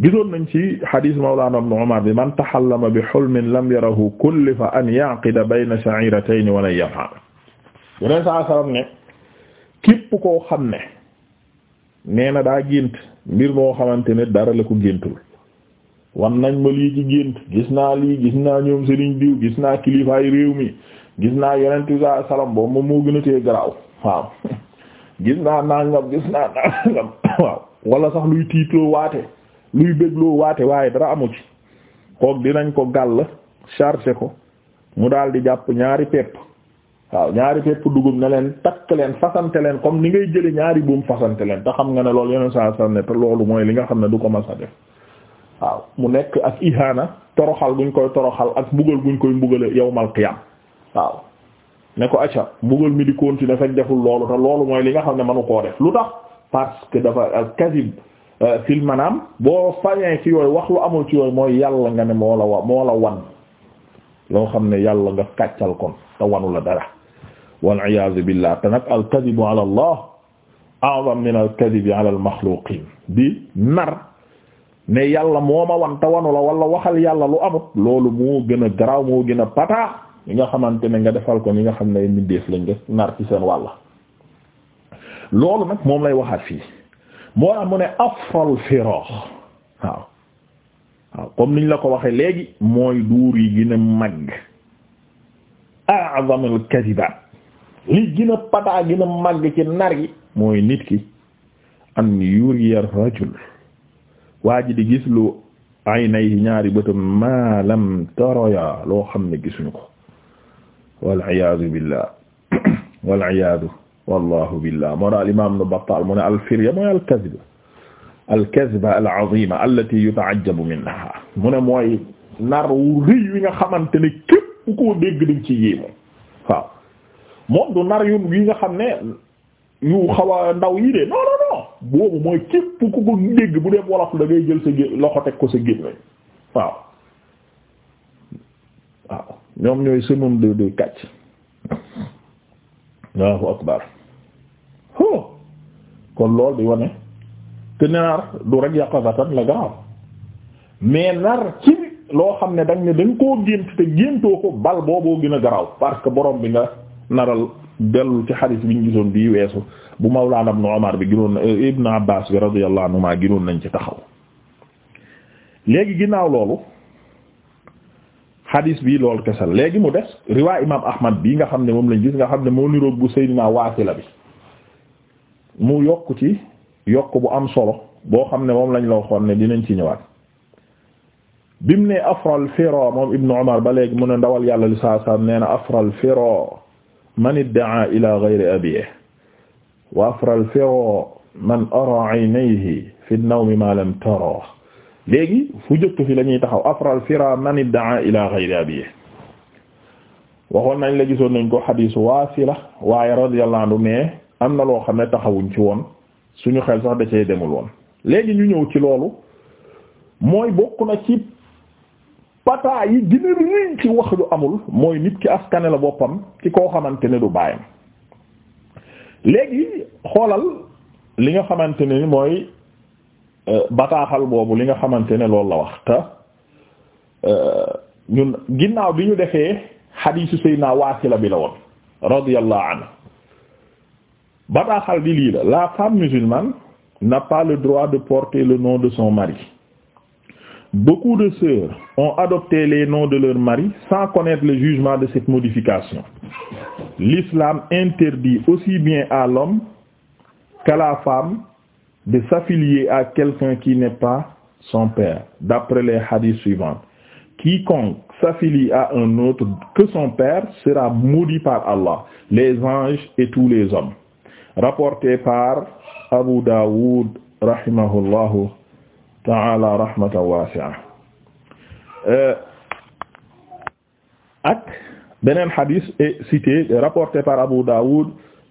gisoon nañ ci hadith mawlana ibn umar bi man taxallama bi xulmin lam yarahu kullifa an yaqida bayna sha'iratayn wa lan yaf'al yeneen saa salaam ne képp koo xam ne nee na daa gént mbir moo xamante ne dara la ko géntul wan nañ ma lii ci gént gis naa lii gis naa ñoom sëriñ diw gis naa kilifaay réew mi gis naa yonent saa salaam boobu moom moo gën garaaw waaw gis naa nangam gis naa nangam waaw wala sax luy tiitoo waate luy bégloo waate waaye dara amu ci kook dinañ ko gàll chargé ko mu daal di jàpp ñaari pepp waaw ñaari pepp dugub na leen takk leen fasante leen comme ni ngay jële ñaari buum fasante leen te xam nga ne loolu yeneen saa ne te loolu mooy li nga xam ne du ko mas a def waaw mu nekk ak ihaana toroxal guñ koy toroxal ak mbugal guñ koy mbugale yawmal qiyam waaw ne ko acca mbugal mi di continuer fekk deful loolu te loolu mooy li nga xam ne manu koo lu tax parce Euh, fil manaam boo fañee ci yooyu wax lu amul ci yooyu mooy yàlla nga ne moo la wa moo la wan loo xam ne yàlla nga kàccal kon te wanu la dara wal iyaazu billah te nag al kadibu ala allah a'zam min al di nar ne yàlla moo ma wan la wala waxal yàlla lu amut loolu moo gën a garaaw moo gën a pataax ñi nga xamante ne nga defal ko ñi nga xam ne mindeef lañ nga nar ci seen wàlla loolu nag moom lay waxaat fii moo tax mu ne afral firaax waaw waaw comme niñ la ko waxee léegi mooy duur yi gën a màgg a'zamul kadibaat li gën a pataa gën a màgg ci nar yi mooy nit ki an yuriya rajul waa ji di gis lu aynayhi ñaari bëtam ma lam taraya loo xam ne gisuñu ko wal iyaazu billah wal iyaazu wallahu billah moo daal imam nu Battaal mu ne alfirya mooy alkazb alkazba alazima allati yuta'ajjabu minha mu ne mooy wi nga xamante ne képp ci yéemu waaw du nar yu nga xam ne yu xawa a ndaw de non non non boobu mooy képp ku ko dégg bu dee wolof da ngay jël sa gé loxo teg ko sa gémmiñ waaw waaw ñoom ñooy sënum de de Allahu akbar ho kon loolu di wane te nar du rek yaqazatan la garaaw mais nar ci loo xam ne dañ ne dañ koo gént te géntoo ko bal booboo gën a garaaw parce que borom bi nga naral dellu ci xadis bi ñu gisoon bii weesu bu mawlaana ibnu Umar bi ginoon ibnu Abbaas bi radiyallahu anhuma ginoon nañ ci taxaw léegi ginnaaw loolu hadis bi lool kese léegi mu des riwaay imam ahmad bi nga xam ne moom lañ gis nga xam ne moo niroog bu Seydina Waasila bi mu yokk ci yokk bu am solo boo xam ne moom lañ la waxoon ne dinañ ci ñëwaat mu ne afral fira moom ibnu Umar ba léegi mu ne ndawal yàlla li saa nee na afral fira man iddaa ila ghayri abiih wa afral fira man ara aynayhi fi an-nawmi ma lam tara léegi fu jëkk fi lañuy taxaw afral fira man iddaa ila ghayri abihi waxoon nañ la gisoon nañ ko xadiis waasila waaye radiyallahu anhu mais am na loo xam ne taxawuñ ci woon suñu xel sax da cee demul woon léegi ñu ñëw ci loolu mooy bokk na ci pataa yi gën a riñ ci wax lu amul mooy nit ki askane la boppam ci koo xamante ne du baayam léegi xoolal li nga xamante ne ni mooy bataaxal boobu li nga xamante ne loolu la wax euh, ginnaaw bi ñu defee xadiisu Seydina Waasila bi la woon radiyallahu anhu bataaxal bi lii la la femme musulmane n'a pas le droit de porter le nom de son mari beaucoup de sœurs ont adopté les noms de leur mari sans connaître le jugement de cette modification l'islam interdit aussi bien à l'homme qu'à la femme de s'affilier à quelqu'un qui n'est pas son père d'après les hadiths suivants quiconque s'affilie à un autre que son père sera maudit par Allah les anges et tous les hommes rapporté par Abu Dawud euh, rapporté par Abu Dawud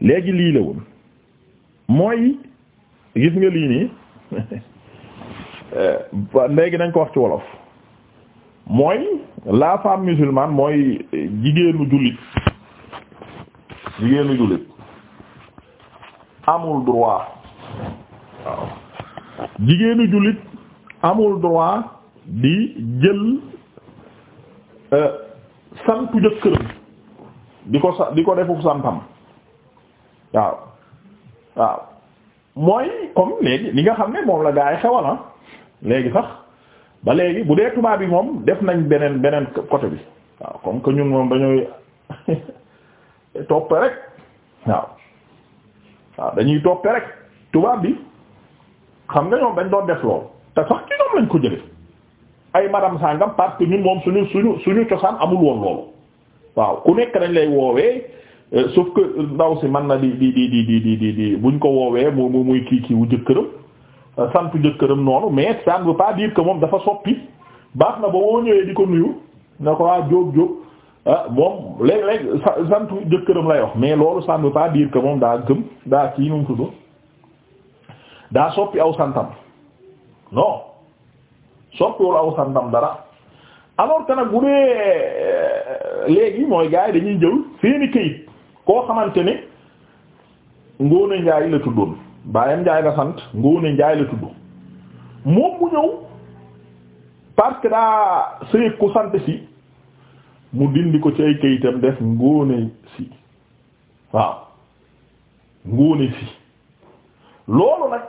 léegi lii la woon mooy gis nga lii nii euh, léegi nañ ko wax ci wolof mooy la femme musulmane mooy jigéenu jullit jigéenu jullit amul droit waaw jigéenu jullit amul droit di jël euh, santu jëkkëram di ko sa di ko defu santam waaw waaw mooy comme léegi li nga xam ne moom la gaa yi xewal ah léegi sax ba léegi bu dee tubaab yi moom def nañ beneen beneen côté bi waaw comme que ñun moom dañuy toppe rek waaw dañuy toppe rek tubaab bi xam nga ñoom dañ doon def loolu te sax ci ñoom lañ ko jële ay madame sangam parce que ñun moom suñu suñu suñu cosaan amul woon loolu waaw ku nekk dañ lay woowee Euh, sauf que ndaw si man na di di di di di buñ ko woowee mu mu muy kii kii wu jëkkëram euh, santu jëkkëram noonu mais ça bu veut pas dire que moom dafa soppi baax na ba woo ñëwee di ko nuyu na ko waa jóob jóob ah moom léeg-léeg santu jëkkëram lay wax mais loolu ça ne veut pas dire que moom daa gëm daa ci nu mu tudd daa soppi aw santam non soppiwul aw santam dara alors que nag bu dee euh, léegi mooy gars yi dañuy jël seeni këyit koo xamante ne Ngóone Njaay la tuddoon baayam Njaay la sant Ngóone Njaay la tudd moom mu ñëw parce que daa sëy ku sant si mu dindi ko ci ay kayitam def Ngóone si waaw Ngóone si loolu nag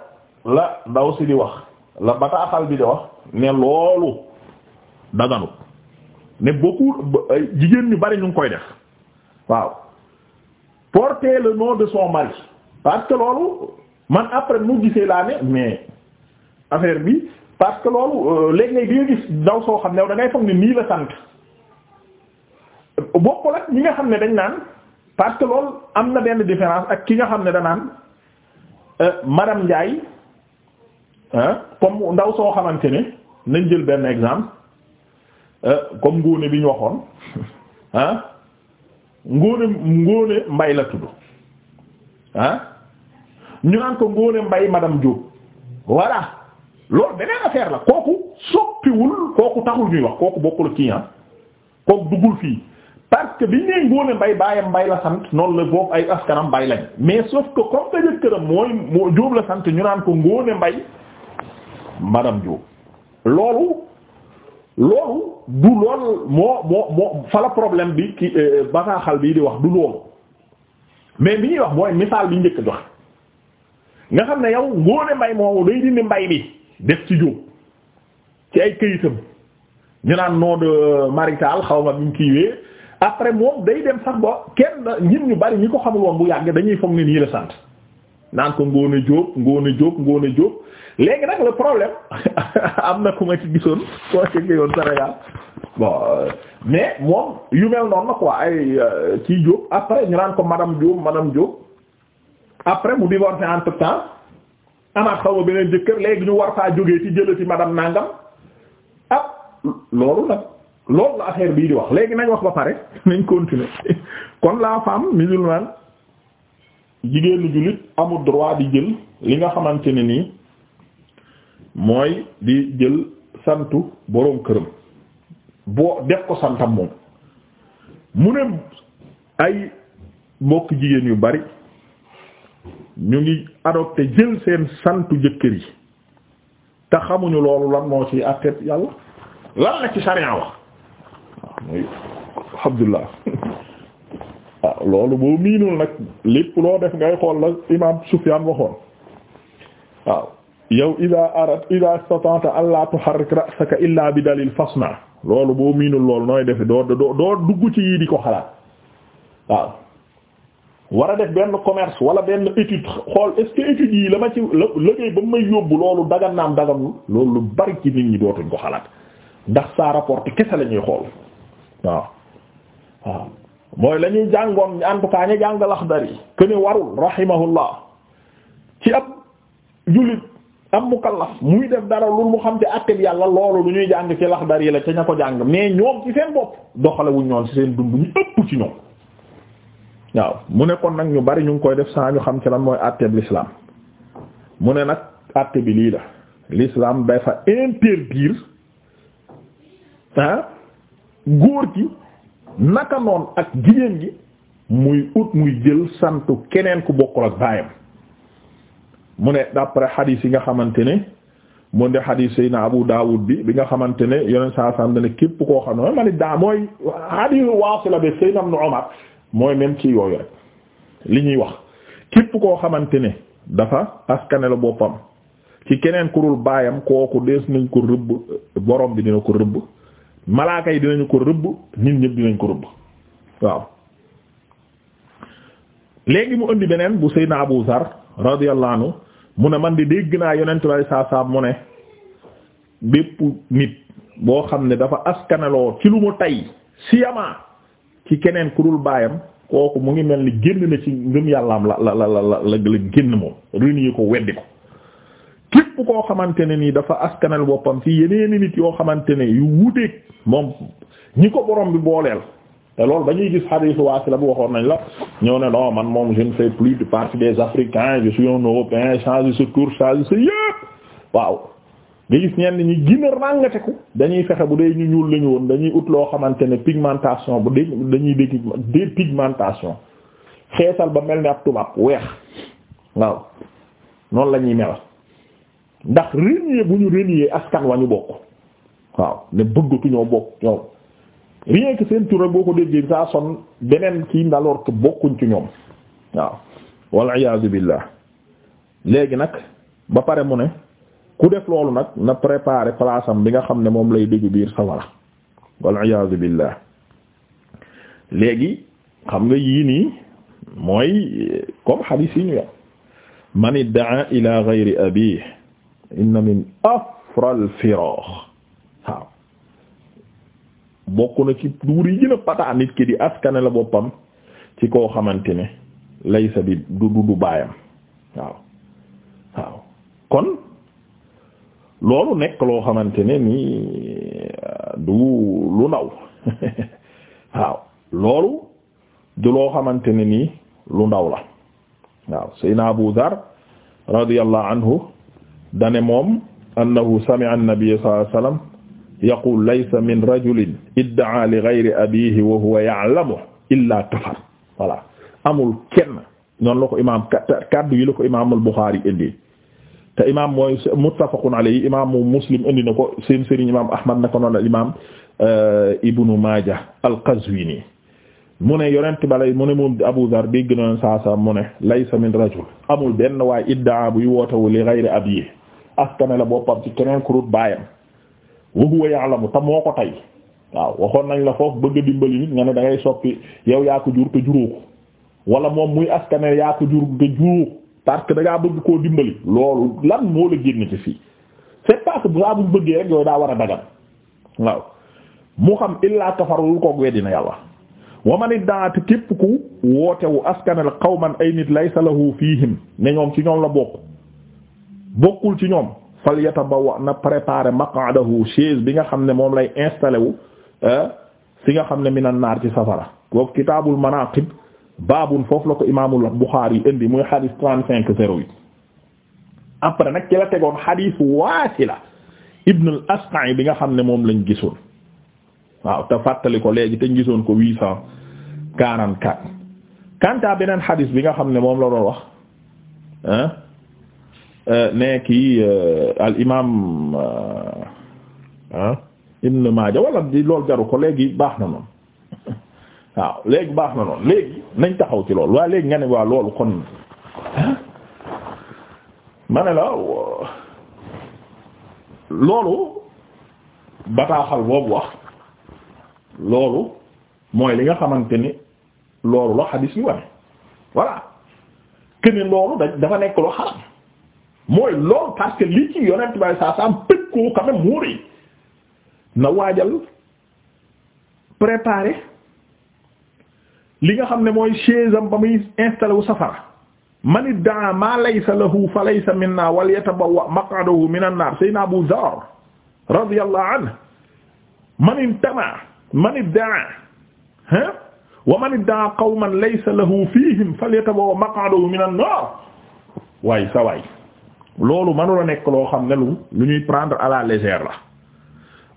la ndaw si di wax la bataaxal bi di wax ne loolu daganut ne beaucoup jigéen ñu bari ñu ngi koy def waaw porter le nom de son mari parce que loolu man après mu gisee laa ne mais affaire bi parce que loolu euh, léeg-léeg di nga gis ndaw soo xam ne da ngay foog ni nii la sant bokkul ak ñi nga xam ne dañ naan parce que loolu am na benn différence ak ki nga xam ne da naan euh, madame Ndiaye comme ndaw soo xamante ne nañ jël benn exemple euh, comme Ngone bi ñu waxoon ngóone ngóone mbay la tudd ah ñu naan ko ngóone mbay madame Diop voilà loolu beneen affaire la kooku soppiwul kooku taxul ñuy wax kooku bokkul kii ah kooku duggul fii parce que biñ nee ngóone mbay baayam mbay la sant noonu la boobu ay askanam mbay lañ mais sauf que comme que jëkkëram mooy moo Diop la sant ñu naan ko ngóone mbay madame Diop loolu. loolu du loolu moo moo moo fala problème bi ki euh, bataaxal bii di wax du loolu mais bi ñuy wax mooy misaal bi njëkk joxe nga xam ne yow ngóone mbay moom day dindi mbay bi def ci jóg ci ay këyitam ñu naan noo de marital xaw ma biñ kiiwee après moom day dem sax ba kenn nit ñu bari ñi ko xamul woon bu yàgg dañuy foog ne nii la sant naan ko Ngone Diop Ngone Diop Ngone Diop léegi nag le problème am na ku ma ci gisoon soo ci gisoon Sénégal bon euh, mais moom yu mel noonu la quoi ay euh, ci Diop après ñu naan ko madame Diop madame Diop après mu divorcé entre temps amaat xaw ma beneen jëkkër léegi ñu war faa jógee ci jëlati madame Nangam ah loolu nag loolu la affaire bii di wax léegi nañ wax ba pare nañ continuer kon la femme musulmane. jigéenu jullit amul droit di jël li nga xamante ne nii mooy di jël santu boroom këram boo def ko santam moom mu ne ay mbokk jigéen yu bari ñu ngi adopté jël seen santu jëkkër yi te xamuñu loolu lan moo ci àtteeb yàlla lan la ci sariya wax waaw waaw ah, loolu boo miinul nag lépp loo def ngay xool la imaam Sufyaan waxoon waaw yow ida arat ida istata'ta an la tuharrik ra'saka illa bi dalil fasna loolu boo miinul lool nooy defe doo doo doo dugg ci yii di ko xalaat waaw war a def benn commerce wala benn étude xool est-ce que études yi la ma ci la liggéey ba may yóbbu loolu dagan naam daganul loolu lu bari ci nit ñi dootuñ ko xalaat ndax sa rapport kese la ñuy xool waaw waaw mooy lañuy ñuy jàngoon en tout cas ñu jàng Laxdari que ne warul rahimahullah ci ab jullit ab mukallaf muy def dara lu mu xam te àtteb yàlla loolu lu ñuy jàng ci Laxdari la ca ña ko jàng mais ñoom ci seen bopp doxale wuñ ñoon ci seen dund ñu ëpp ci ñoom waaw mu ne kon nag ñu bari ñu ngi koy def saa ñu xam ci la mooy àtteb l'islam mu ne nag àtte bi lii la l'islam dafa interdire ah góor ci naka noon ak jigéen gi muy ut muy jël santu keneen ku bokkul ak baayam mu ne d'après xadiis yi nga xamante ne mu ne xadiis na Abu Dawud bi bi nga xamante ne yeneen saa sant ne képp koo xam ne man daa mooy xadiis Waasila bi Seydina Ibn mooy même ci yooyu rek li ñuy wax képp koo xamante ne dafa askane la boppam ci keneen kurul baayam kooku dees nañ ko rëbb borom bi dina ko rëbb. malaaka yi dinañu ko rëbb nit ñëpp dinañ ko rëbb waaw léegi mu indi beneen bu Seydina Abu Zar radiyallahu anhu mu ne man di dégg naa yonent bay saasaam mu ne bépp nit boo xam ne dafa askanaloo ci lu mu tay siyamaa ci keneen ku baayam kooku mu ngi mel ni génn na ci ngëm yàllaam la la la la la génn moom renier ko weddi ko képp koo xamante ne nii dafa askanal boppam ci yeneeni nit yoo xamante ne yu wuteeg moom ñi ko borom bi booleel te loolu dañuy gis gis xadiisu waasi la bu waxoon nañ la ñëw ne non man moom je ne fais plus de partie des africains je suis un européen changer sa tour changer sa yëpp waaw nga gis ñenn ñi gën a ràngateku dañuy fexe bu dee ñu ñuul lañu woon dañuy ut loo xamante ne pigmentation bu dee dañuy dégg dépigmentation xeetal ba mel ni ab tubaab weex waaw noonu la ñuy mel ndax renier bu ñu renier askan wa ñu bokk waaw ne bëggatu ñoo bokk ñoom rien que seen tur boo ko déggee saa son beneen kii ndaloor que bokkuñ ci ñoom waaw wal iyaazu billah léegi nag ba pare mu ne ku def loolu nag na préparer place am nga xam ne moom lay dégg biir sawara wal iyaazu léegi xam nga yii nii mooy comme hadith yi ñu yor man iddaa ila ghayri abihi inna min afral firaax waaw bokk na ci duur yi gën a pataa nit ki di askane la boppam ci koo xamante ne laysa bi du du du baayam waaw waaw kon loolu nekk loo xamante ne ni euh, du lu ndaw waaw loolu du loo xamante ne nii lu ndaw la waaw sayna Abu Dhar radiyallahu anhu dane moom annahu sami'a an-nabiy sallallahu alayhi wasallam yaqul laysa min rajulin idda'a li ghayri abihi wa huwa ya'lamu illa kafar voilà amul kenn noonu la ko imaam kaddu yi la ko imaam al-Bukhari indi te imaam mooy muttafaqun alayhi imaamu Muslim indi na ko seen sëriñ imaam Ahmad naka noonu al imaam euh, Ibnu Maaja al-Qazwini mu ne yonent balay mu ne moom Abu Dhar dégg na saa saa mu ne laysa min rajul amul benn waaye iddaa buy wootawu li ghayri abihi askane la boppam ci keneen ku dul baayam wa huwa ya'lamu te moo ko tey waaw waxoon nañ la foofu bëgg dimbali nit nga ne da ngay soppi yow yaa ko jur te juróo ko moom muy askane yaa ko jur te juróo parce que da bëgg koo dimbali loolu lan moo la génn ci fii c'est parce bu saa bëggee rek yooyu daa war a dagal waaw mu xam illaa kafarul koog weddina yàlla wa daa iddaat képp ku wootewu askanal qawman ay nit laysa lahu fihim ne ñoom ci ñoom la bokk bokkul ci ñoom fal yatabawa na préparer maq'adahu chaise bi nga xam ne moom lay installé wu eh, fi nga xam ne minan naar ci safara boobu kitaabul manaqib baabun foofu la ko imaamul Buxaari indi muy xadis trente cinq zéro huit après nag ci la tegoon xadis Waasila ibn al-Asqa' bi nga xam ne moom lañ gisoon waaw te fàttali ko léegi te ñu gisoon ko huit cent quarante quatre quant beneen xadis bi nga xam ne moom la doon wax eh, ne euh, kii euh, al imaam ah euh, Ibn Maaja wala di loolu jaru ko léegi baax na noonu waaw léegi baax na noonu léegi nañ taxaw ci loolu waaye léegi nga ne waa loolu kon ma la loolu bataaxal boobu wax loolu mooy li nga xamante ni loolu la xadiis yi wane voilà que loolu dafa nekk lu xaram mooy loolu parce que li ci yonent bi saa saa am tëkkoo quand nga xam ne mooy chaise am ba muy installé wu safara man iddaa maa laysa lahu fa laysa minna wal yatabawwa maq'adahu minan naar sayna Abu Zarr radiyallahu anhu man intama man iddaa ha wa man iddaa qawman laysa lahu fihim falyatabawwa maq'adahu minan naar waay sa waay loolu mënula nekk loo xam ne lu lu ñuy prendre à la légère la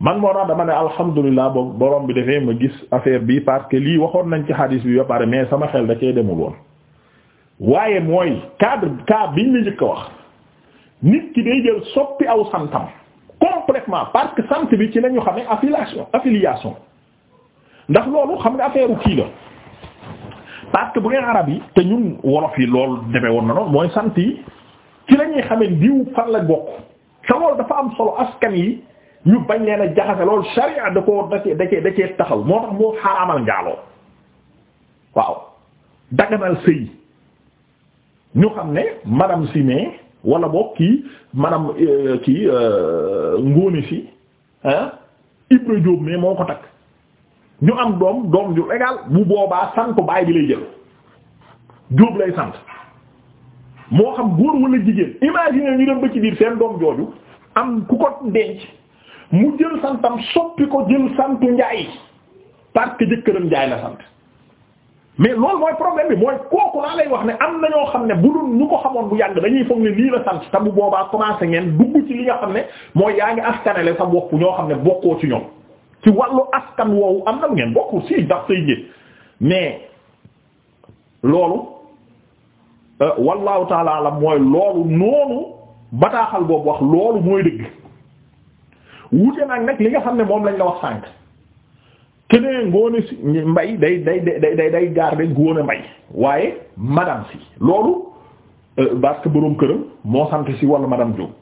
man moo tax dama ne alhamdulilah boobu borom bi defee ma gis affaire bi parce que lii waxoon nañ ci hadis bi ba pare mais sama xel da cee demul waaye mooy cadre cas bi la njëkk a wax nit ki day jël soppi aw santam complètement parce que sant bi ci la ñu xamee affiliation affiliation ndax loolu xam nga affaire kii la parce que bu ngeen arab yi te ñun wolof yi lool demee woon na noonu mooy sant yi. ci la ñuy xamee diw fan la bokk te loolu dafa am solo askan yi ñu bañ leen a jaxase loolu sharia da koo da cee da taxaw moo tax moo xaaraamal njaaloo waaw daganal sëy ñu xam ne madame si ne wala boog kii madame euh, kii euh, ngóone si ah Ibra Diop mais moo ko takk ñu am doom doom ju égal bu boobaa sant baay bi lay jël Diop lay sant. moo xam góor wala jigéen imagine ñu dem ba ci biir seen doom jooju am ku ko denc mu jël santam soppi ko jël santu njaay parce que jëkkëram njaay la sant mais loolu mooy problème bi mooy kooku laa lay wax ne am na ñoo xam ne bu dul ñu ko xamoon bu yàgg dañuy foog ne lii la sant te boobaa commencé ngeen dugg ci li nga xam ne mooy yaa ngi askanale sa bopp ñoo xam ne bokkoo ci ñoom ci wàllu askan woowu am na ngeen bokkul si ndax say njët mais loolu Euh, wallahu taala alam mooy loolu noonu bataaxal boobu wax loolu mooy dëgg wuute nag nag li nga xam ne moom lañ la wax sànq keneen ngoone si mbay day day day day day garder ngoone mbay waaye madame si loolu euh, parce que boroom këram moo sant si wala madame Diop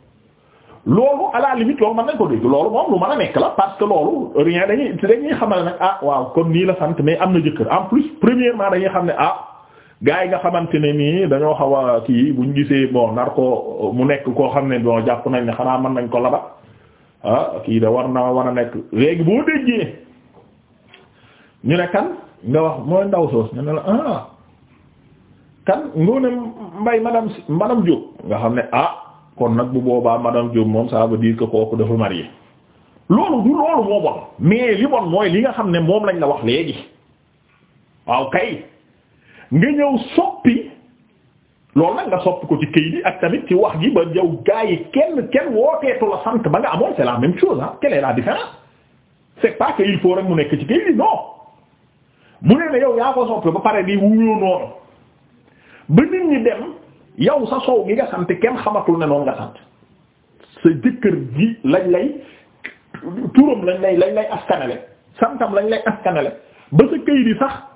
loolu à la loolu mën nañ ko dégg loolu moom lu mën a nekk la parce que loolu rien dañuy dañuy xamal nag ah waaw kon nii la sant mais am na jëkkër en plus premièrement dañuy xam ne ah gaa yi nga xamante ne nii dañoo xaw a kii buñ gisee bon nar ko mu nekk koo xam ne bon jàpp nañ ne xanaa man nañ ko labat ah kii da war na war a nekk léegi boo déggee ñu ne kan nga wax mooy ndaw soos ñu ne la ah kan ngoo mbay madame madame Diop nga xam ne ah kon nag bu boobaa madame Diop moom ça veut ko que kooku dafa marié loolu du loolu moo bon mais li bon mooy li nga xam ne moom lañ la wax léegi waaw kay nga ñëw soppi loolu nag nga soppi ko ci këy bi ak tamit ci wax gi ba yow gaa yi kenn kenn wooteetu la sant ba nga amoon c'est la même chose ah quelle est la différence c'est pas que il faut rek mu nekk ci këy bi non mu ne ne yow yaa ko soppi ba pare di wuyoo noonu ba nit ñi dem yow sa sow gi nga sant kenn xamatul ne noonu nga sant sa jëkkër ji lañ lay turam lañ lay lañ lay askanale santam lañ lay askanale ba sa këy di sax.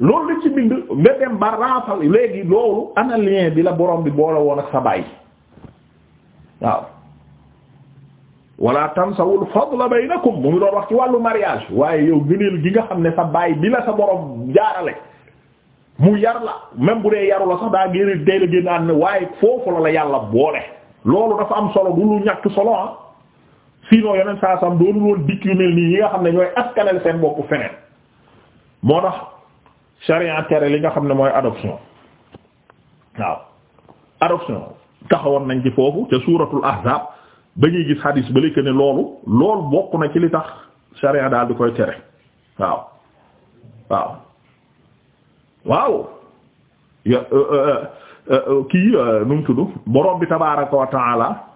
loolu la ci bind nga dem léegi loolu ana bi la boroom bi boole woon ak sa baay waaw wala tansawul fadla baynakum mu ngi doon wax ci wàllu mariage waaye yow gëneel gi nga xam ne sa baay bi la sa borom jaarale mu yar la même bu dee yaru la sax daa génne day la génn ànd ne waaye foofu la la yàlla boole loolu dafa am solo bu lu ñàkk solo ah sinon yeneen saa sam doonul woon dikk yu mel nii yi nga xam ne ñooy askanal seen bopp feneen tax sharia tere li nga xam ne mooy adoption waaw adoption taxawoon nañ ci foofu ca suuratul ahzab ba ñuy gis hadis ba que ne loolu loolu bokk na ci li tax sharia daal di koy tere waaw waaw waaw uh, uh, uh, kii nu mu tudd borom bi tabaaraka wa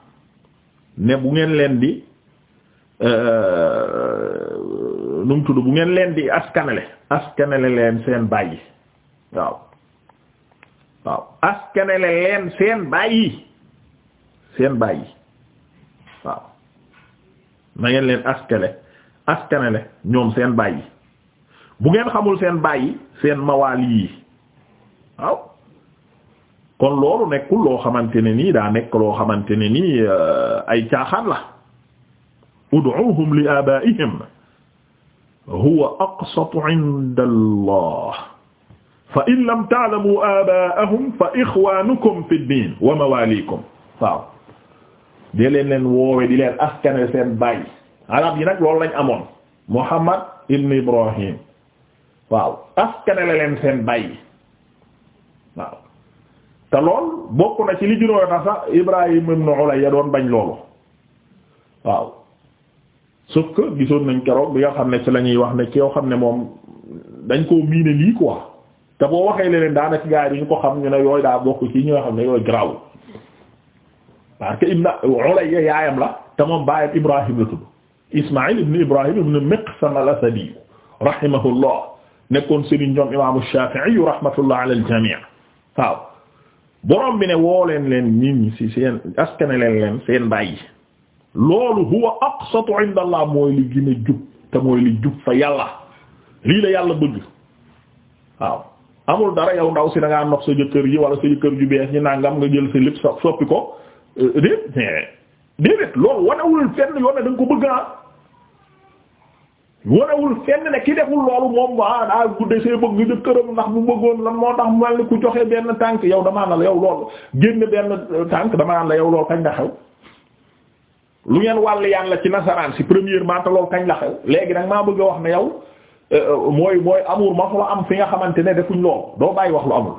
ne bu ngeen leen di nu tudd bu ngeen leen di askanale askanale leen seen bàyyi waaw waaw askanale leen seen bàyyi seen bàyyi waaw na ngeen leen askale askanale ñoom seen bàyyi bu ngeen xamul seen bàyyi seen mawaali yi waaw kon loolu nekkul loo xamante ne nii daa nekk loo xamante ne nii euh, ay caaxaan la ud'uhum li abaa'ihim huwa aqsatu inda allah fa in lam ta'lamu aba'ahum fa ikhwanukum fi ddin wa mawalikum waaw di leen leen woowe di leen askane seen yi nag lool lañ amoon muhammad ibn ibrahim waaw askane la leen seen baay lool bokk na ci li junóo tax sax ibrahim ibn ulayya doon bañ loolu so que gisoon nañ keroog bi nga xam ne ci la ñuy wax ne ki yoo xam ne moom dañ koo miine lii quoi te boo waxee leneen daanaka gars yi ko xam ñu ne yoo daa bokk ci ñoo xam ne yooyu graw parce que yaayam la te moom baayam Ibrahim la tudd Ismaïl ibn Ibrahim ibn nekkoon sëriñ ñoom imaamu Shafi'i rahmatullah ala al-jami' waaw borom ne woo leen leen ñin ñi ci seen askane leen leen seen bàyyi loolu huwa aqsatu inda allah mooy li gën a jub te mooy li jub fa yàlla lii la yàlla bëgg waaw amul dara yow ndaw si da ngaa nox sa jëkkër ji wala sa jëkkër ju bees ñi nangam nga jël sa lépp sa soppi ko euh, déet déedéet loolu wanewul fenn yoon ne da ko bëgg ah wanewul fenn ne ki deful loolu moom ah daa guddee see bëgg jëkkëram ndax bu bëggoon lan moo tax mel ni ku joxe benn tànk yow damaa na la yow loolu génn benn tànk damaa na la yow loolu kañ nga xew lu ngeen wàll yàlla ci nasaraan si premièrement te loolu kañ la xew léegi nag maa bëgg a wax ne yow euh, euh, mooy mooy amour ma fa am fi nga xamante ne defuñ lool doo bàyyi wax lu amul.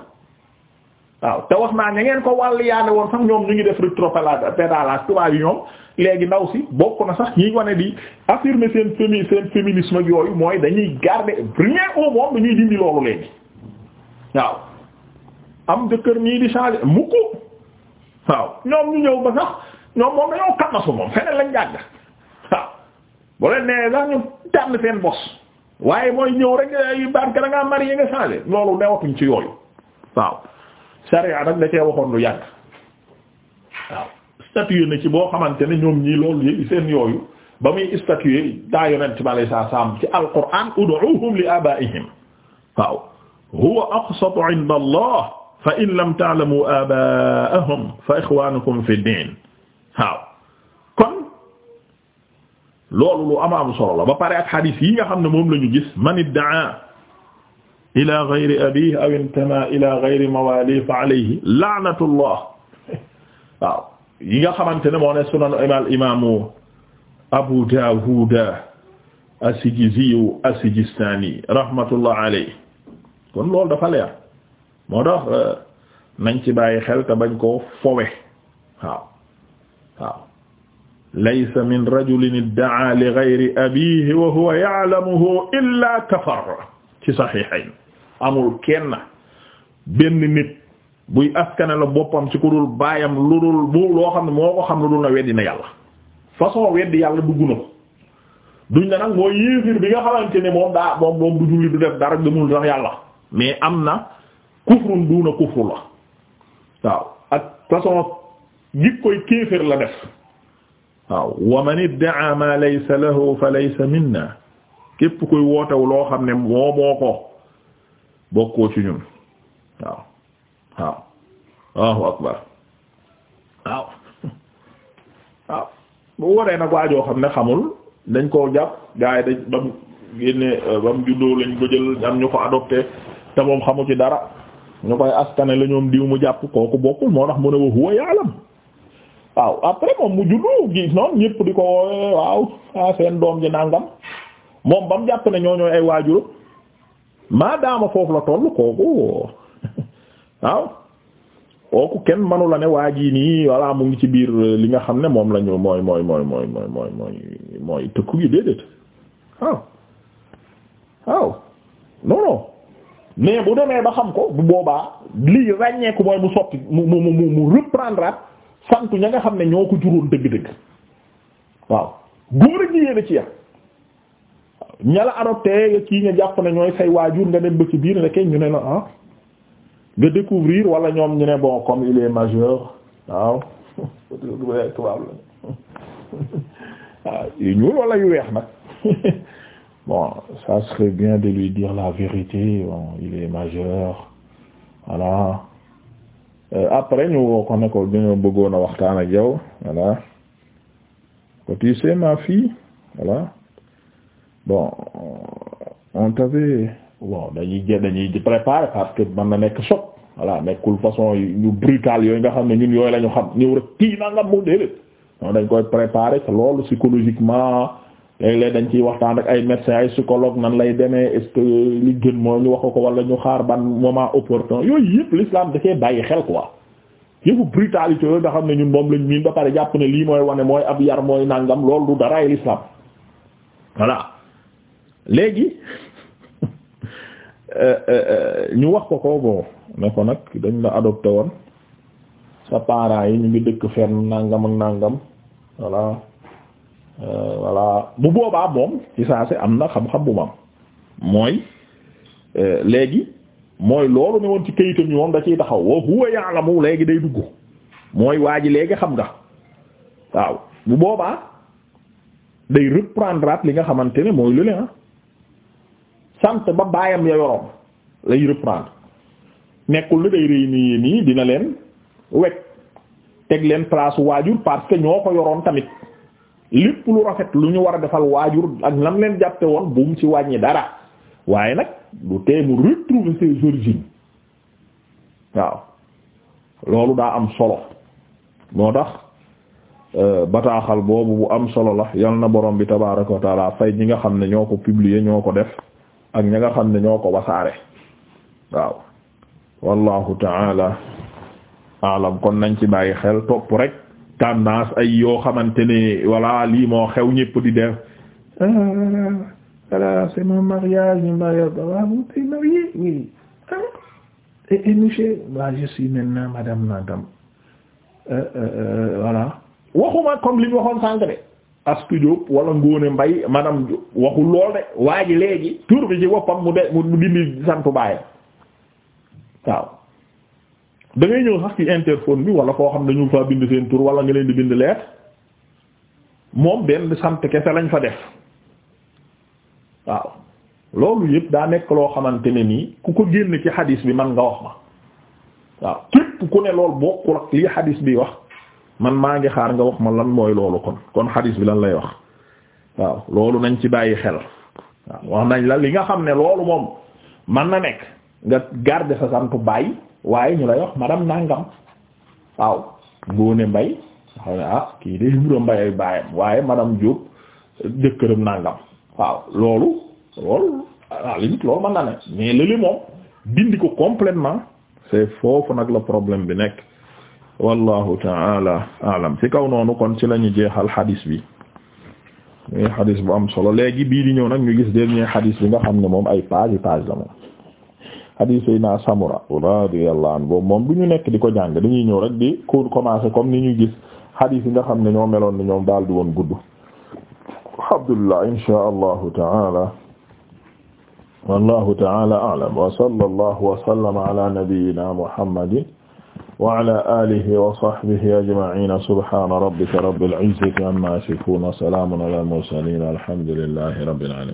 waaw te wax naa ña ngeen ko wàll yaane woon sax ñoom ñu ngi def rétropédalage tubaab yi ñoom léegi ndaw si bokk na sax ñi wane di affirmer seen fémi seen féminisme ak mooy dañuy garder rien o monde dañuy dindi loolu léegi waaw. am jëkkër ñii di changer mukk ñoom moom a kàmmasu moom feneen lañ jàgg waaw bu leen nee sax ñu tànn seen bos waaye mooy ñëw rek yu barke da ngaa marié nga changé loolu newatuñ ci yooyu waaw sariya nag da cee waxoon lu yàgg waaw statué na ci boo xamante ne ñoom ñii loolu seen yooyu ba muy statué daa yonent bi alayhi salaam ci alquran ud'uuhum li abaa'ihim waaw huwa aqsatu 'inda Allah fa in lam ta'lamu abaa'ahum fa ikhwaanukum fi din waaw kon loolu lu am solo la ba pare ak xadiis yi nga xam ne moom la ñu gis man iddaa ila gayri abihi aw intama ila gayri mawali fa alayhi laanatullah waaw yi nga xamante ne moo ne sunanu imal imaamu abu daawuda asijiziyu asijistani rahmatullah alayhi kon loolu dafa leer moo tax euh, nañ ci bàyyi xel te koo fowe waaw laysa min rajulin idda'a li ghayri abihi wa huwa ya'lamuhu illa kafar ci sahihayn amul kenn benn nit buy askane la boppam ci ku dul baayam lu dul bu loo xam ne moo xam lu dul na weddi na yàlla façon weddi yàlla dugg na ko duñ la nag mooy yéefir bi nga xamante ne moom daa moom moom du julli du def dara gëmul sax yàlla mais am na kufrun duuna kufru la waaw ak façon jikkoy kéefër la def waaw wa man idda'a ma laysa lahu fa laysa minna képp koy wootewu loo xam ne moo moo ko bokkoo ci ñun waaw waaw Allahu akbar waaw xam ne xamul dañ koo jàpp gars yi dañ ba euh, ko jël ñu ko adopté te moom xamu dara ñu koy askane la ñoom diw mu jàpp kooku bokkul moo tax mu ne wa huwa ya'lam waaw après moom mu juddu gis noonu ñëpp di ko woowe waaw ah seen doom ji nangam moom ba mu jàpp ne ñoo ñooy ay waajur maadaama foofu la toll kooku waaw kooku kenn manu la ne waa jii nii walla mu ngi ci biir li nga xam ne moom la ñu mooy mooy mooy mooy mooy mooy mooy mooy gi déedéet waaw waaw non non mais bu demee ba xam ko bu boobaa lii ràññeeku mooy mu sotti mu mu mu mu reprendre sant ña nga xam ne ñoo ko juróon dëgg-dëgg waaw góor a jigéen a ci yam ña la adopté kii nga jàpp ne ñooy say waajur nga dem ba ci biir nekkee ñu ne la ah nga découvrir wala ñoom ñu ne bon comme il est majeur waaw ah, yu ñuul wala yu weex nag bon ça serait bien de lui dire la vérité bon il est majeur voilà Euh, après ñu woo ko ne ko dañoo a waxtaan ak yow voilà quand tu ma fille voilà bon euh, on t'avait bon dañuy jël dañuy préparer parce mën na nekk choc voilà nekkul façon ñu brutal yooyu nga xam ne ñun yooyu la ñu xam ñëw rek kii na nga dañ koy préparer te loolu psychologiquement léeg-léeg dañ ciy waxtaan ak ay médecins ay psychologue nan lay demee est-ce que li gën moo ñu wax ko wala ñu xaar ban moment opportun yooyu yëpp l'islam da bàyyi xel ko yëpp brutalité yooyu nga moom lañ miin ba pare jàpp ne lii mooy wane mooy ab yar mooy nangam loolu du daraay l'islam voilà léegi euh, euh, euh, ñu wax ko ko bon ne ko nag dañu la adopté woon sa parent yi ñu ngi dëkk fenn nangam ak nangam voilà. Euh, voilà bu boobaa moom ci saa am na xam-xam bu mam mooy euh, léegi mooy loolu ne woon ci kayitam yi moom da ciy taxaw wa huwa ya'lamu léegi day dugg mooy waa ji léegi xam nga waaw bu boobaa day reprendre at li nga xamante ne mooy lu le ah sant ba baayam ya yoroom lay reprendre nekkul ne day réy nii dina leen wekk teg leen place waajur parce que ñoo ko yoroon tamit lépp lu rafet lu ñu war a defal waajur ak nam leen jàppe woon bu mu ci wàññi dara waaye nag du tee mu retrouver ses origines waaw loolu daa am solo moo tax euh, bataaxal boobu bu am solo la yal na borom bi tabaaraka wa taala fay ñi nga xam ne ñoo ko publier ñoo ko def ak ñi nga xam ne ñoo ko wasaare waaw wallahu taala alam kon nañ ci bàyyi xel topp rek tendance ay yoo xamante ne voilà lii moo xew ñépp di def ah, voilà c'est mon mariage mon mariage waaw vous êtes marié oui ah, et monsieur waaw je suis maintenant madame Nangam euh, euh, euh, voilà waxuma comme li waxoon sànq de Astou Diop wala Ngone Mbaye madame Diop waxul lool de waa ji léegi tur bi ci boppam mu de mu dindi santu baayam waaw. da ñëw sax ci interphone bi wala foo xam ne dañu fa bind seen tur wala nga leen di bind leer moom benn sant kese lañ fa def waaw loolu yëpp daa nekk loo xamante ne nii ku ko génn ci xadis bi man nga wax ma waaw képp ku ne loolu bokkul ak lii xadis bi wax man maa ngi xaar nga wax ma lan mooy loolu kon kon bi lan lay wax waaw loolu nañ ci bàyyi xel waaw wax nañ la li nga xam ne loolu moom man na nekk nga garder sa santu bàyyi waaye ñu la wax madame Nangam waaw Ngone Mbaye xam ne ah kii de Ibra Mbaye ay baayam waaye madame Diop jëkkëram Nangam waaw loolu loolu à limite loolu mën na ne mais lëli moom dindi ko complètement c'est foofu nag la problème bi nekk wallahu taala alam ci kaw noonu kon ci la ñu jeexal xadis bi muy xadis bu am solo léegi bii di ñëw nag ñu gis dernier xadis bi nga xam ne moom ay page page la moom hadis sayna Samura radiyallahu anhu boobu moom du ñu nekk di ko jàng dañuy ñëw rek di ko commencer comme ni ñu gis hadis yi nga xam ne ñoo meloon ni ñoom daal di woon gudd Abdullah insha allahu taala wallahu taala a'lam wa sallallahu wa sallama ala nabiyyina muhammadin wa ala alihi wa sahbihi ajma'in subhana rabbika rabbil izzati amma yasifun wa salamun ala al mursalin alhamdulillahi rabbil alamin